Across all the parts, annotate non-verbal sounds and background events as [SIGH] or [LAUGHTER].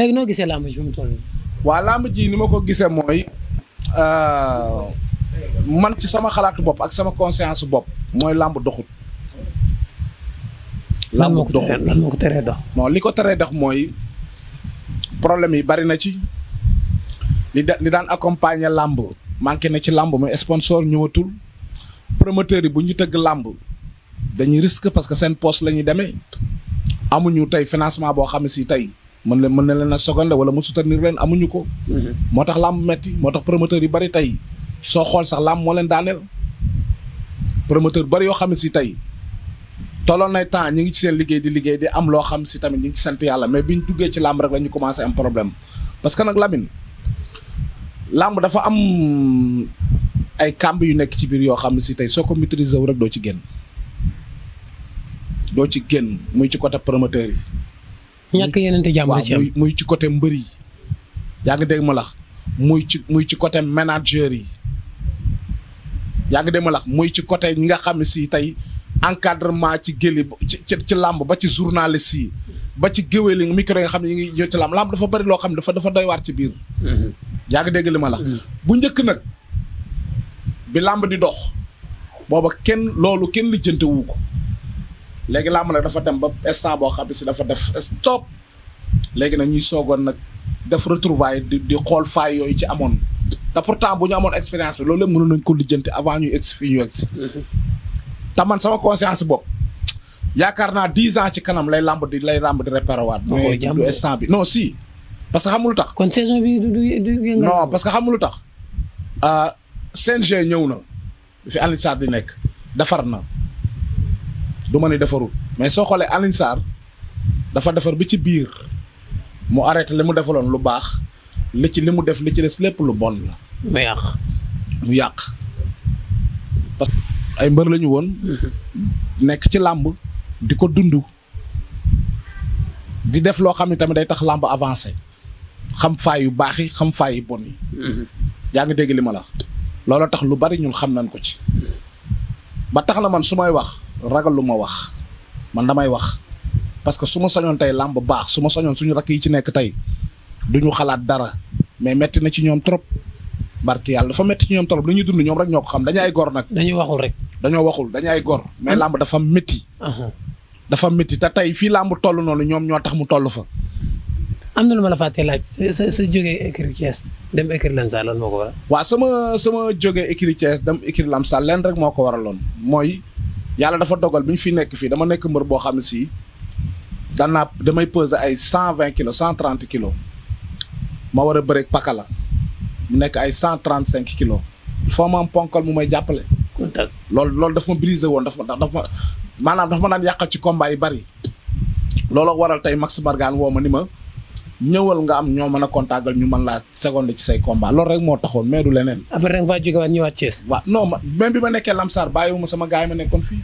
léegi noo gisee làmb ji fi mu toll nii. waa làmb ji ni ma ko gisee mooy euh, man ci sama xalaatu bopp ak sama conscience bopp mooy làmb doxut. làmb doxut lan moo ko teree dox. non li ko teree dox mooy problème yi bari na ci li da daan accompagner làmb manqué na ci làmb mooy sponsor ñëwatul promoteur yi bu ñu tëgg làmb dañuy risque parce que seen poste la ñuy demee amuñu tey financement boo xam ne si tey. mën leen mën na leen a seconder wala mu soutenir leen amuñu ko. Mhm. moo tax làmb metti moo tax promoteur yu bari tey soo xool sax làmb moo leen daaneel. promoteur bari yoo xam ne si tey tolloon nay temps ñu ngi ci seen liggéey di liggéey di am loo xam si tamit ñi ngi ci sant yàlla mais biñ duggee ci làmb rek la ñu commencé am problème parce que nag Lamine làmb dafa am ay kàmb yu nekk ci biir yoo xam ne si tey soo ko maîtriser wu rek doo ci génn doo ci génn muy ci côté promoteur yi. ñàkk yenente jàmm la ci am muy ci côté mbër yi yaa ngi dégg ma lax muy ci muy ci côté manager yi yaa ngi dégg ma lax muy ci côté ñi nga xam ne si tey encadrement ci géli ci ci làmb ba ci journaliste si ba ci géwél yi micro yi nga xam ne ñu ngi ci làmb làmb dafa bari loo xam ne dafa dafa doy waar ci biir mm-hmm. yaa ngi dégg li ma la mm-hmm. bu njëkk nag bi làmb di dox booba kenn loolu kenn lijjantewu ko léegi làmb nag dafa dem ba instant boo xam ne si dafa def stop léegi nag ñuy soogoon nag def retrouvaille di di xool faay yooyu ci amoon te pourtant bu ñu amoon expérience bi loolu yëpp mënoon nañ ko lijjanti avant ñuy egg fii ñu egg si te man sama conscience bopp yaakaar naa dix ans ci kanam lay làmb di lay làmb di réparé waat. mais du instant bi non si. parce que xamul tax. kon saison bi du du du non parce que xamul tax. Euh, CNG ñëw na fi Alioune Sarr di nekk defar na. du ma ni defarut mais soo xoolee Alioune Sarr dafa defar bi ci biir mu arrêté li mu defaloon lu baax li ci li mu def li ci des lépp lu bon la. mu yàq. mu yàq parce que ay mbër lañu woon. Mm-hmm. nekk ci làmb di ko dund. di def loo xam ne tamit day tax làmb avancé xam faay yu baax yi xam faay yu bon yi. Mm-hmm. yaa ngi dégg li ma la. looloo tax lu bari ñun xam nañ ko ci. Mm-hmm. ba tax na man su may wax. ragal lu ma wax man damay wax parce que su ma sañoon tey làmb baax su ma sañoon suñu rakk yi ci nekk tey du ñu xalaat dara mais metti na ci ñoom trop barki yàlla dafa metti ci ñoom trop lu ñuy dund ñoom rek ñoo ko xam dañu ay gor nag. dañuy waxul rek. dañoo waxul dañu ay gor. mais làmb dafa métti. Uh-huh. dafa métti te tey fii làmb toll noonu ñoom ñoo tax mu toll fa. am na lu ma la fàtte laaj sa sa jógee écurie Thiès dem écurie Lansar lan moo ko waral. waaw sama sama jógee écurie rek moo ko waraloon mooy yàlla dafa dogal bi ñu fi nekk fii dama nekk mbër boo xam ne si daan naa damay peser ay cent vingt kilos cent trente kilos ma war a bëreeg pakala mu nekk ay cent trente cinq kilos foo faut ma am ponkal mu may jàppale. contact loolu loolu daf ma brisé woon daf ma daf ma maanaam daf ma daan yàqal ci combat yi bari. looloo waral tey Max Bargane woo ma ni ma ñëwal nga am ñoo mën a contactal ñu man laa seconde ci say combat loolu rek moo taxoon mais du leneen. après da nga faa jógewaat ñëwaat Thiès. waaw non ma même bi ma nekkee Lamsar bàyyiwuma sama gars yi ma nekkoon fii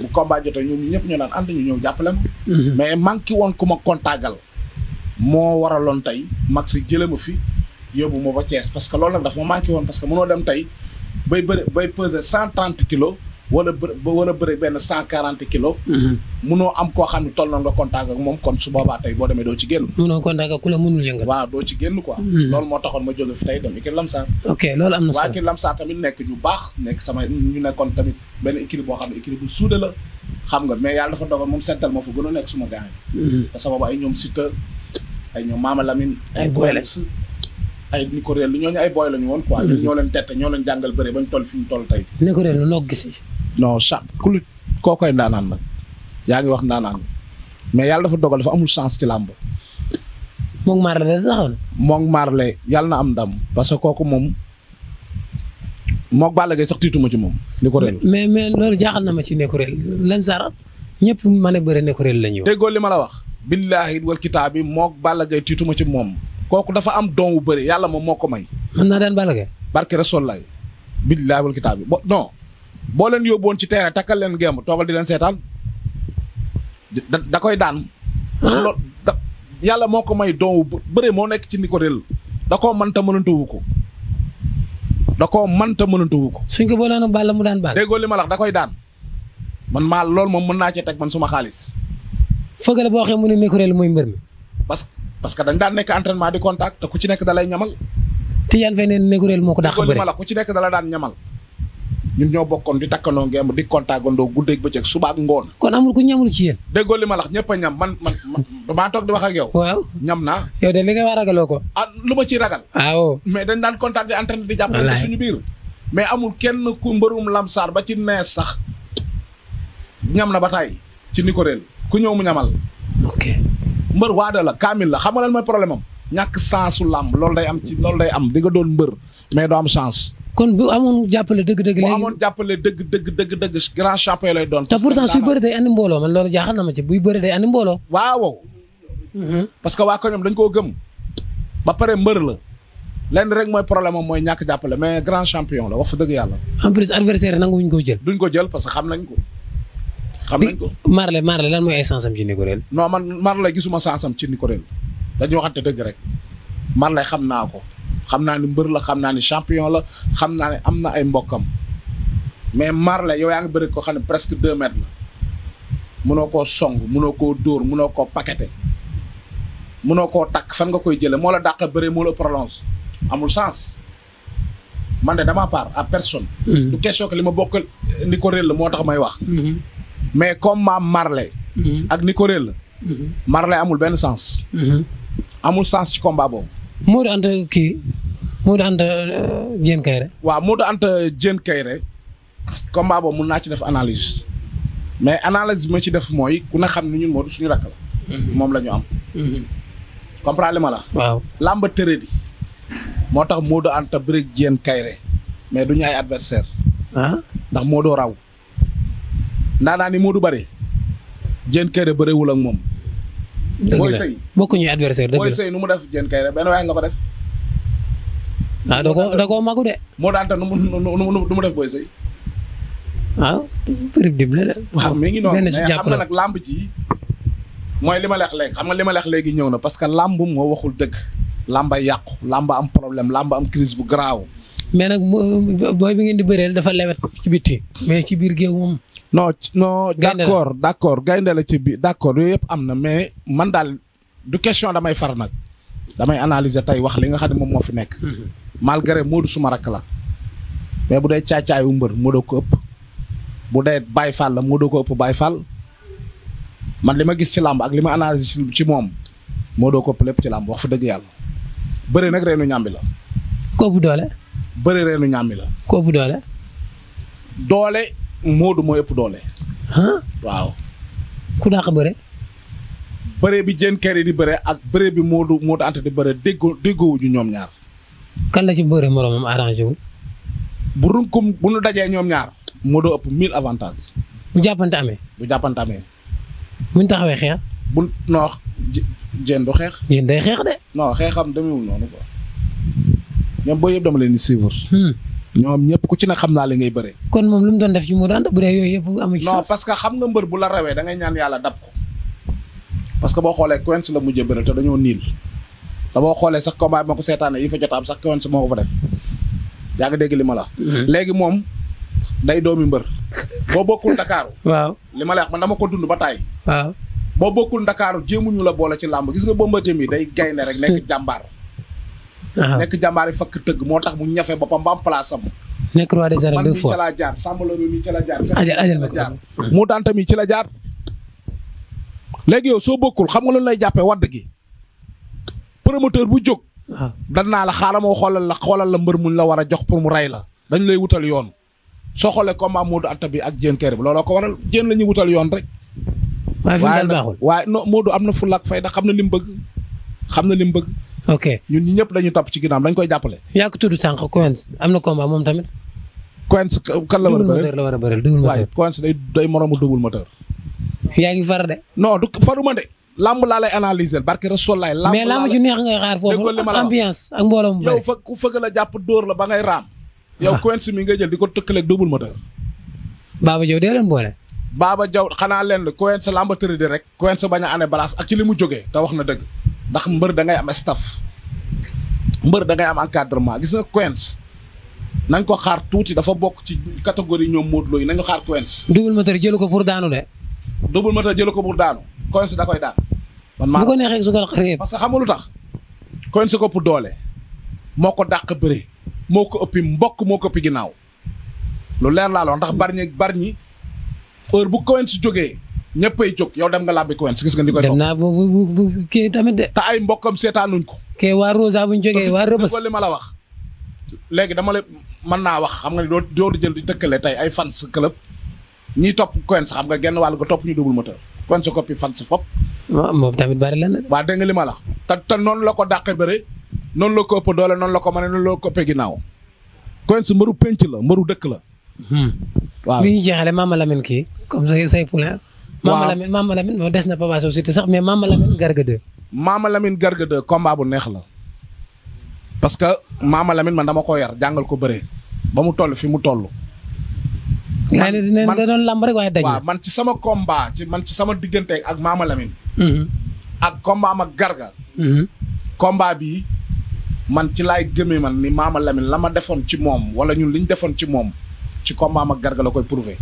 bu combat jotee ñoom ñëpp ñu naan ànd ñu ñëw jàppale ma. Mhm. mais manqué woon ku ma contactal moo waraloon tey mag si jëlee ma fi yóbbu ma ba Thiès parce que loolu nag dafa ma manqué woon parce que mënoo dem tey bay bëri bay peser cent trente kilos. wala bë wala bëri benn cent quarante kilos. Mhm. munoo am koo xam ne toll na nga contact ak moom kon su boobaa tey boo demee doo ci génn. munoo contact mhm. loolu moo taxoon ma jóge fi tey dem équipe Lamsaar. ok loolu am na solo waa équipe Lamsaar tamit nekk ñu baax nekk sama ñu nekkoon tamit benn équipe boo xam ne équipe bu suude la xam nga mais yàlla dafa dogal moom seetal moo fa gën a nekk suma gaañ. te sa boobu ay ñoom Siteu ay ñoom Maama ay Boyles ay Nicorel lu ñooñu ay booy la ñu woon quoi. Hmm. ñun ñoo leen tette ñoo leen jàngal bëre ba ñu toll fi ñu toll tey. Nicorel lu noo gisee. yaa ngi wax ndaanaan mais yàlla dafa dogal dafa amul chance ci làmb. moom Marley saxoon. moom Marley na am ndam parce que kooku moom moog Balla Gaye sax tiituma ci moom. Nicorel mais mais loolu ma ci Nicorel lan sara ñëpp mën a bëre Nicorel la ñu. déggoo li ma la wax. billaahi wal kitaabi moo Balla Gaye tiituma ci moom. kooku dafa am don wu bëri yàlla moom moo ko may. mën naa daan Balla Gaye. barke Rasuul laay. billaahi wal kitaab bi bo non boo leen yóbbuwoon ci terrain takkal leen gémm toogal di leen seetaan da da koy daan. Ah. loolu da yàlla moo ko may don wu bëri moo nekk ci ni ko réel da koo mënta mënantuwu ko. da koo mënta mënantuwu ko. suñ ko boolewoon Balla mu daan Balla. déggoo li ma lax wax da koy daan man maa lool moom mën naa cee teg man suma xaalis. foogale boo waxee mu ne micro mooy mbër mi. parce que dañ daan nekk entraînement di contact te ku ci nekk da lay ñamal. Tidiane Faye neen Négorél moo ko dàq bëre nekk da la daan ñamal. ñun bokkoon di takkandoo ngeem di kontaagandoo guddeeg bëccëg suba ak ngoon. kon amul ku ñamul ci yéen. déggoo li ma lax ñëpp a ñam man man man maa toog di wax ak yow. naa. yow de nga wax ragaloo ko. ah lu ma ciy ragal. mais dañ daan contact di entraîné di jàppale suñu biir. mais amul kenn ku mbërum lamsaar ba ci nees sax ñam na ba tay ci Négorél ku ñëw mu ñamal. ok. mbër waada la kaamil la xam nga lan mooy problème am ñàkk chance loolu day am ci loolu am di nga doon mbër mais doo am chance. kon bu amoon jàppale dëgg-dëgg. léegi bu amoon jàppale dëgg dëgg dëgg dëgg grand champion lay doon. te pourtant suy bëri day andi mbooloo man loolu jaaxal na ma ci buy bëri day andi mbooloo. waaw. Mhm. parce que waa ko ñoom dañ koo gëm. ba pare mbër la. lenn rek mooy problème am mooy ñàkk jàppale mais grand champion la wax fa dëgg yàlla. en plus adversaire nanguwuñ ko jël. duñ ko jël parce que xam nañ ko. xam nañ ko Marley Marley lan mooy ay sens am ci Nicorel. non man Marley gisuma sens am ci Nicorel dañuy waxante dëgg rek Marley xam naa ko xam naa ni mbër la xam naa ni champion la xam naa ne am na ay mbokkam mais Marley yow yaa ngi bëri ko xam ne presque deux mètres la mënoo koo song mënoo koo dóor mënoo koo paqueté mënoo ko takk fan nga koy jëlee moo la dàq bëree moo la prolonge amul sens man de dama part à personne. Hmm. du question que li ma bokkal Nicorel la moo tax may wax. Hmm. mais comme maam marle mm-hmm. ak ni ko la. Mm-hmm. Marley amul benn sens. Mm-hmm. amul sance ci combat boobu. Modou Anta kii Modou Anta euh, waaw Modou Anta Diène Kairé combat boobu naa ci def analyse mais analyse bi ma ci def mooy ku ne xam ni ñun Modou suñu rakk la. moom la ñu am. comprendre li ma la. waaw làmb tëree moo tax Modou Anta bëreeg Diène Kairé mais du ñu ay adversaire. Ah? ndax Modou raw. ndaanaan ni Modou Bare Diène Kaïré bëreewul ak moom. Boy Sey bokkuñu adversaire dëgg la Boy nu mu def Diène Kaïré benn waay la ko def. ah da koo da koo magu moo daan tax nu mu nu mu def Boy Sey. waaw ah, prix dib la ngi noonu xam nga nag làmb ji mooy li ma leex léegi xam li ma leex léegi ñëw na parce que làmb moo waxul dëgg. làmba yàqu làmba problème làmba am crise bu garaaw. mais nag booy bi ngeen di bëreel dafa lewet ci bitti mais ci biir géew moom. non non d'accord d'accord gaynde la ci bi d'accord yooyu yëpp am na mais man daal du question damay far nag damay analyser tey wax li nga xam ne moom moo fi nekk mhm. malgré Modou suma rakk la mais bu dee caay-caayu mbër Modou ko ëpp bu dee Baye Fall la Modou ko ëpp Baye Fall man li ma gis ci làmb ak li ma analyser ci moom Modou ko ëpp lépp ci làmb wax fa dëgg yàlla bëre nag reenu ñàmbi la koobu doole bëre reenu ñàmbi la koobu doole doole Modou moo ëpp doole. waaw. ku dàq bëre. bëre bi Diène Kairé di bëre ak bëre bi Modou Modou Anta di bëre déggoo déggoowuñu ñoom ñaar. kan la ci bëre moromam arrangé wu. bu runkum bu nu dajee ñoom ñaar. Modou ëpp 1000 avantages. bu jàppante amee. bu jàppante amee. buñ taxawee xeex. bu noo Diène du xeex. Diène day xeex de. non xeexam demewul noonu quoi. ñoom booy yëpp dama leen di ñoom ñëpp ku ci ne xam naa li ngay bëre. kon moom lu mu doon def ci mu daan bu dee yooyu yëpp amu ci non parce que xam nga mbër bu la rawee da yàlla dab ko parce que boo xoolee Quench la mujjee bëre te dañoo niil te boo xoolee sax combat bi ma ko seetaane yi fa jotaam sax Quench moo ko fa yaa ngi dégg li ma la. Mm-hmm. léegi moom day doomi mbër. boo bokkul Dakar. [LAUGHS] li ma la wax man dama ko dund ba taay. waaw boo bokkul Dakar jéemuñu la boole ci làmb gis nga Bombardier mi day gaynde rek nekk jàmbaar. nekk jàmbaari fakk tëgg moo tax mu ñafe boppam ba am place am. nekk roi des jaar Samba Loro mii ci la jaar. ajal daan tamit ci la jaar. léegi yow soo bokkul xam nga loolu lay jàppee wadd gi promoteur bu jóg. waaw ah. naa la xaaral moo xoolal la xoolal la mbër muñ la war a jox pour mu rey la dañ lay wutal yoon. soo xoolee combat Modou Anta bi ak Diène Kairé bi looloo ko waral Diène la ñuy wutal yoon rek. waaye fi waaye non Modou am na fulla ak fayda xam na li mu bëgg xam na li bëgg. ok ñun ñëpp dañu topp ci ginnaaw dañ koy jàppale. yaa ko tudd sànq Coins am na combat moom tamit. Coins kan la war a bëreel la war a bëreel double moteur waaye Coins day day moromu double moteur. yaa far de. non du ma de. lamb laa lay analyser barke Rasul laay. lamb mais lamb ju neex ngay xaar foofu ambiance ak mbooloo mu bëri. yow fa ku fëgg la jàpp dóor la ba ngay raam. yow ah. Coins mi nga jël di ko tëkkaleeg double moteur. Baba Diaw dee leen boole. Baba Diaw xanaa leen Coins lamb tëri de rek. Coins bañ a ane balaas ak ci li mu jógee te wax na dëgg ndax mbër da ngay am staff mbër da ngay am encadrement gis nga Quench nañ ko xaar tuuti dafa bokk ci catégorie ñoom Modou Lo yi nañu xaar Quench. ma Moteur jëlu ko pour daanu de. Double Moteur jëlu ko pour daanu Quench da koy daan. maa bu ko neexee su ko xaree parce que xam nga lu tax. Quench ko ëpp doole moo ko dàq bëre moo ko ëppi mbokk moo ko ëppi ginnaaw lu leer laa la ndax bari ñi bari ñi heure bu Quench jógee. ñëppay jóg yow dem nga làbbi Coen gis nga ni ko dem naa bu bu kii tamit de. te ay mbokkam seetaanuñ ko. kee waa Rosa bu ñu jógee waa Rëbës li ma la wax. léegi dama la mën naa wax xam nga ni doo doo di jël di dëkkale tey ay fans club ñiy topp Coen xam nga genn wàll ko topp ñu double moteur Coen sa coppi fans fop. moom tamit bari la nag. waa dégg nga li ma la. te noon la ko dàqee bëre noonu la ko ëpp doole noonu la ko mën noonu la ko ëppee ginnaaw. Coen mbaru penc la mbaru dëkk la. Hmm. waaw bi ñu jeexalee Mama Lamine kii comme say Mama Lamine Mama moo des na Papa Sow Siteu sax mais Mama Lamine Garga 2. Mama Lamine Garga 2 combat bu neex la parce que Mama Lamine man dama ko yar jàngal ko bëree ba mu toll fi mu toll. man man da doon lamb rek waaye dañ man ci sama komba ci man ci sama diggante ak Mama Lamine. Mm-hmm. ak combat ma Garga. Mm-hmm. combat bi man ci laay gëmee man ni Mama Lamine la ma defoon ci moom wala ñun li ñu defoon ci moom ci combat ma Garga la koy prouver.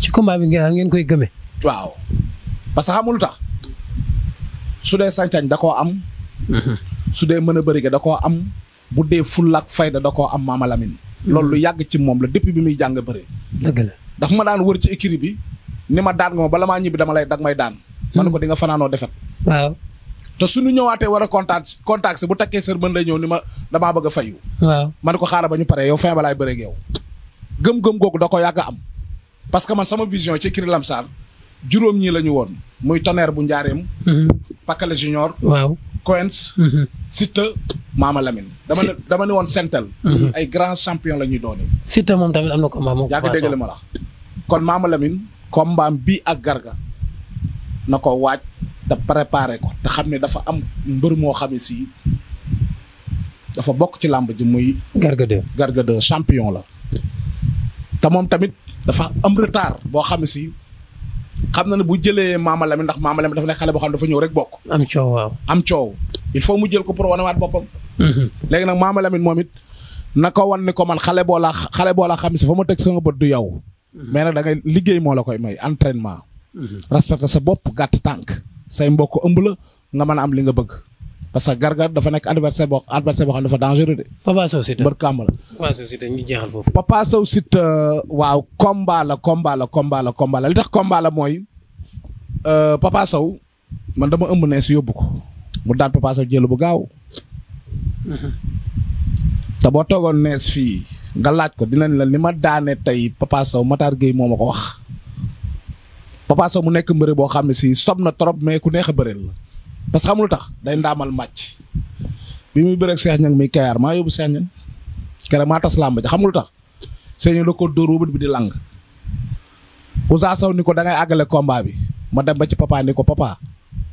ci combat bi ngeen ngeen koy gëmee. waaw parce que xamul tax su dee sañ-sañ da am. Mhm. su dee mën a bëri da koo am bu dee fulla ak fayda da koo am maa Mama Lamine. Mhm. loolu lu yàgg ci moom la depuis bi muy jàng bëri. dëgg ma daan wër ci écurie bi ni ma daan nga ma bala maa ñibbi dama lay dag may daan. man ko mhm. di nga fanaanoo defet waaw te suñu ñëwaatee war a contact contact si bu takkee sër mën day ñëw ni ma damaa bëgg a fayu. waaw man ko xaaral ba ñu paree yow fin ba laay bëreeg yow. gëm-gëm da ko yàgg am. parce que man sama vision ci Kiri Lamsar juróom ñii la ñu woon muy Tonnerre bu Njaareem. Mhm. Pakala Junior. waaw Coens. Mhm. Siteu Maama Lamine. dama ne woon sentel mhm. ay grands champions la ñuy doonee. Siteu moom tamit am na ko moom. yaa ngi dégg li ma kon Maama Lamine. combat bi ak Garga na ko waaj te préparé ko te xam ne dafa am mbër moo xam ne si dafa bokk ci làmb ji muy. Garga 2 Garga 2 champion la te moom tamit. dafa am retard boo xam ne si xam na ne bu jëlee Mama Lamine ndax Mama Lamine dafa nekk xale boo xam ne dafa ñëw rek bokk. am coow waaw am faut mu jël ko pour wanewaat boppam. Mhm. léegi nag Mama Lamine moom it na ko wan ne ko man xale boo la xale boo la xam si fa ma teg sama bët du yow. Mhm. mais nag da ngay liggéey moo la koy may entraînement. Mhm. respecté sa bopp gàtt tànk say mbokk ëmb la nga mën a am li nga bëgg. parce que gargar dafa nekk adversaire boo adversaire boo xam ne dafa dangereux de. Papa Sow waaw combat la combat la combat la li tax combat mooy euh, Papa man dama ëmb nees yóbbu ko mu daan Papa Sow bu gaaw. te boo toogoon nees fii nga laaj ko dinañ la li ma daane tey Papa Sow Matar moo ma ko wax Papa mu nekk mbëre boo xam ne si sob na trop mais ku neex a bëreel la. parce que xamul tax day ndaamal màcc bi muy bëreeg Cheikh Niang mi Kayar maa yóbbu Cheikh Niang keroog tax Cheikh Niang ko dóor wóobat bi di lang Ousa Sow ni ko da ngay àggale combat bi ma dem ba ci papa ni ko papa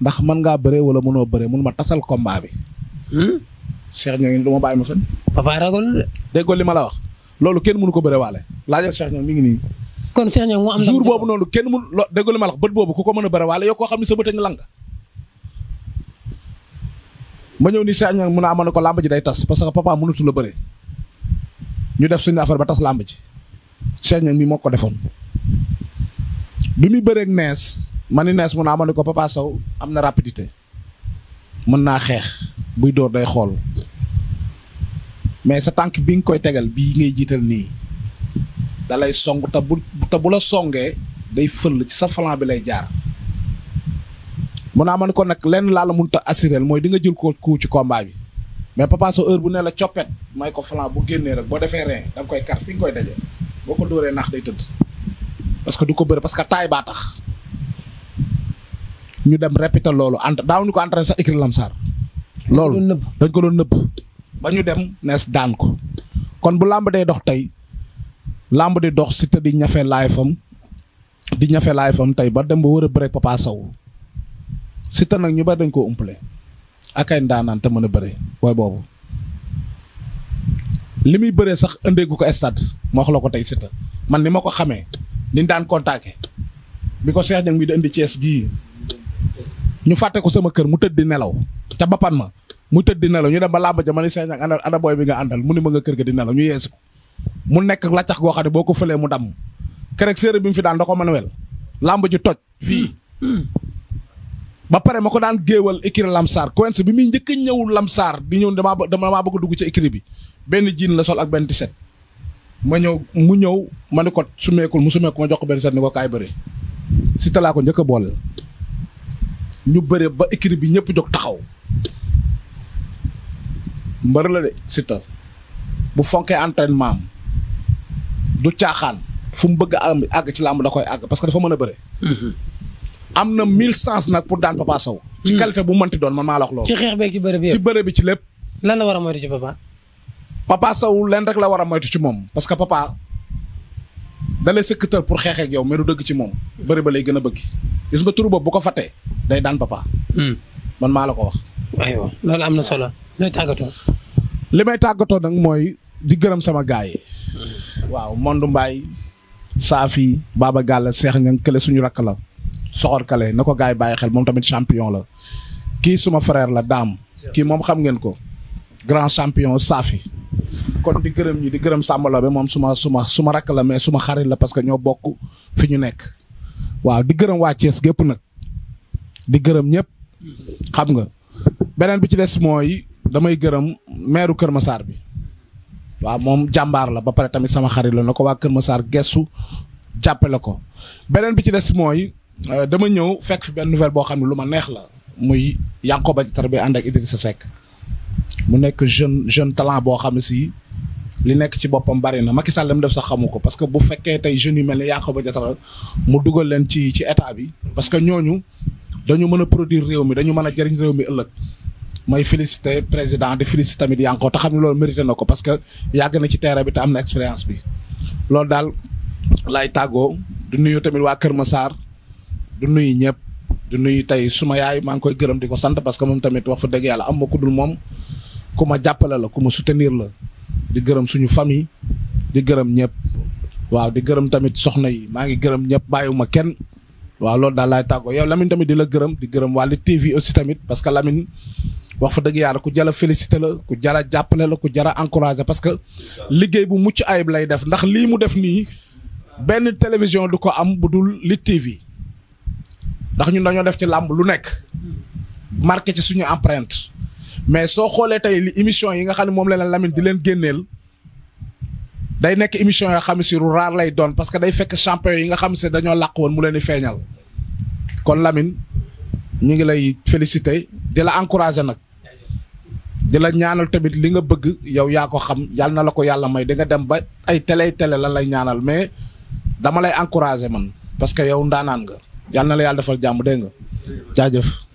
ndax mën ngaa bëree wala mënoo bëree mun ma tasal combat bi. Hmm? Cheikh Niang du ma bàyyi ma fen. papa ragal. déggoo li ma la wax loolu kenn mënu ko bëree waale laajal Cheikh Niang mi ngi nii. kon Cheikh boobu noonu kenn mënu loo déggoo li ma la bët boobu ku ko mën a bëree koo xam ne sa a ngi ma ñëw ni Cheikh Niang mun a ah, amoon ko làmb ji day tas parce que papa mënutu la bëre ñu def suñu affaire ba tas làmb ji Cheikh Niang mi moo ko defoon. bi muy bëreeg nees ma ni nees mun a ah, amoon ko papa Sow am na rapidité mën naa xeex buy dóor day xool mais sa tànk bi nga koy tegal bii ngay jiital nii dalay lay song te bu te bu la songee day fël ci sa flanc bi lay jaar. mun naa man ko nag lenn laa la mënut a assuré mooy di nga jël ko ku ci combat bi mais Papa Sow heure bu ne la coppet may ko flan bu génnee rek boo defee ren da koy kar fi nga koy daje boo ko dóoree naax day tëdd parce que du ko bëre parce que taay baa tax ñu dem répété loolu ent daaw ko entraîné sax écrit lamsaar loolu dañ ko doon nëbb ba ñu dem nees daan ko kon bu làmb day dox tey làmb di dox si te di ñafe laay fam di ñafe laay fam tey ba dem ba war a bëre Papa Sow Siteu nag ñu bari dañ koo umpale ak ndaanaan te mën a bëree booy boobu li muy bëree sax ëndeegu ko stade ma wax la ko tey Siteu man ni ma ko xamee liñ daan contacté bi ko Cheikh Niang mi di indi Thiès gii ñu fàtte ko sama kër mu tëdd di nelaw ca bappan ma mu tëdd di nelaw ñu dem ba làmb ja ma ni Cheikh Niang booy bi nga àndal mu ni ma nga kër gi di nelaw ñu yeesi ko mu nekk laccax goo xam ne boo ko fëlee mu damm kerek séeréer bi mu fi daan da ko mën wel làmb ji toj fii mm, mm. ba pare ma ko daan géewal écurie Lamsaar Quench bi muy njëkk a ñëw Lamsaar di ñëw damaa damaa bëgg a dugg ci écurie bi benn jiin la sol ak benn tiset ma ñëw mu ñëw ma ne ko sumeekul mu sumeeku ma jox ko benn tiset ni ko kaay bëre si talaa ko njëkk a boole ñu bëre ba écurie bi ñëpp jóg taxaw mbër la de Siteu bu fonkee entraînement am du caaxaan fu mu bëgg a àgg ci làmb da koy àgg parce que dafa mën a bëre. Mm-hmm. am na mille chance nag pour daan Papa Sow. ci hmm. qualité bu mënti doon man maa la wax loolu. ci xeex beeg ci bëre bi ci lépp. lan la war a moytu ci Papa. Papa Sow leen rek la war a moytu ci moom parce que Papa da lay pour xeex ak yow dëgg ci moom bëri ba lay gën a bëgg gis nga turu boobu bu ko fàttee day daan Papa. Hmm. man maa la ko wax. aywa loolu am na solo looy tàggatoo. li may tàggatoo nag mooy di gërëm sama gars yi. Hmm. waaw Mondou Mbaye Safi Baba Galla Cheikh Niang kële suñu rakk la. soxorkale na ko gars yi bàyyi xel moom tamit la kii suma frère la daam kii moom xam ngeen ko grand champion saafi kon di gërëm ñi di gërëm Samba Laobé moom suma suma suma rakk la mais suma xarit la parce que ñoo bokk fi ñu nekk waaw di gërëm waa gépp nag di gërëm ñëpp xam nga beneen bi ci des mooy damay gërëm maire Kër Massar bi waaw moom jàmbaar la ba pare tamit sama xarit la na ko waa Kër Massar gestu jàppale ko beneen bi ci des mooy Euh, dama ñëw fekk fi benn nouvelle boo xam ne lu ma neex la muy Yankhoba Diattara bi ànd ak sa Seck mu nekk jeune jeune talent boo xam ne si li nekk ci boppam bari na Macky Sall la mu def sax xamu ko parce que bu fekkee tey jeunes yu mel ni ba Diattara mu dugal leen ci ci état bi parce que ñooñu dañu mën a produir réew mi dañu mën a jëriñ réew mi ëllëg may félicité président di félicité tamit Yankhoba te xam ne loolu mérité na ko parce que yàgg na ci terrain bi te am na expérience bi loolu daal laay tàggoo du nuyu tamit waa Kër Massar du nuyu ñëpp du nuyu tey suma yaay maa ngi koy gërëm di ko sant parce que moom tamit wax fa dëgg yàlla am ma ku dul moom ku ma jàppale la ku ma soutenir la di gërëm suñu famille di gërëm ñëpp waaw di gërëm tamit soxna yi maa ngi gërëm ñëpp bàyyiwuma kenn waaw loolu daal laay tàggoo yow Lamine tamit di la gërëm di gërëm waa Lutte TV aussi tamit parce que Lamine wax fa dëgg yàlla ku jara félicité la ku jara jàppale la ku jara encouragé parce que liggéey bu mucc ayib lay def ndax lii mu def nii benn télévision du ko am bu dul Lutte TV ndax ñun dañoo def ci làmb lu nekk marqué ci suñu empreinte mais soo xoolee tey li émission yi nga xam ne moom la leen Lamine di leen génneel day nekk émission yoo xam ne si lu raar lay doon parce que day fekk champion yi nga xam ne dañoo làq woon mu leen di feeñal kon Lamine ñu ngi lay félicité di la encourager nag di la ñaanal tamit li nga bëgg yow yaa ko xam yàlla na la ko yàlla may di nga dem ba ay télé télé lan lay ñaanal mais dama lay encourager man parce que yow ndaanaan nga. yàlla na la yàlla defal jàmm dégg nga jaajëf.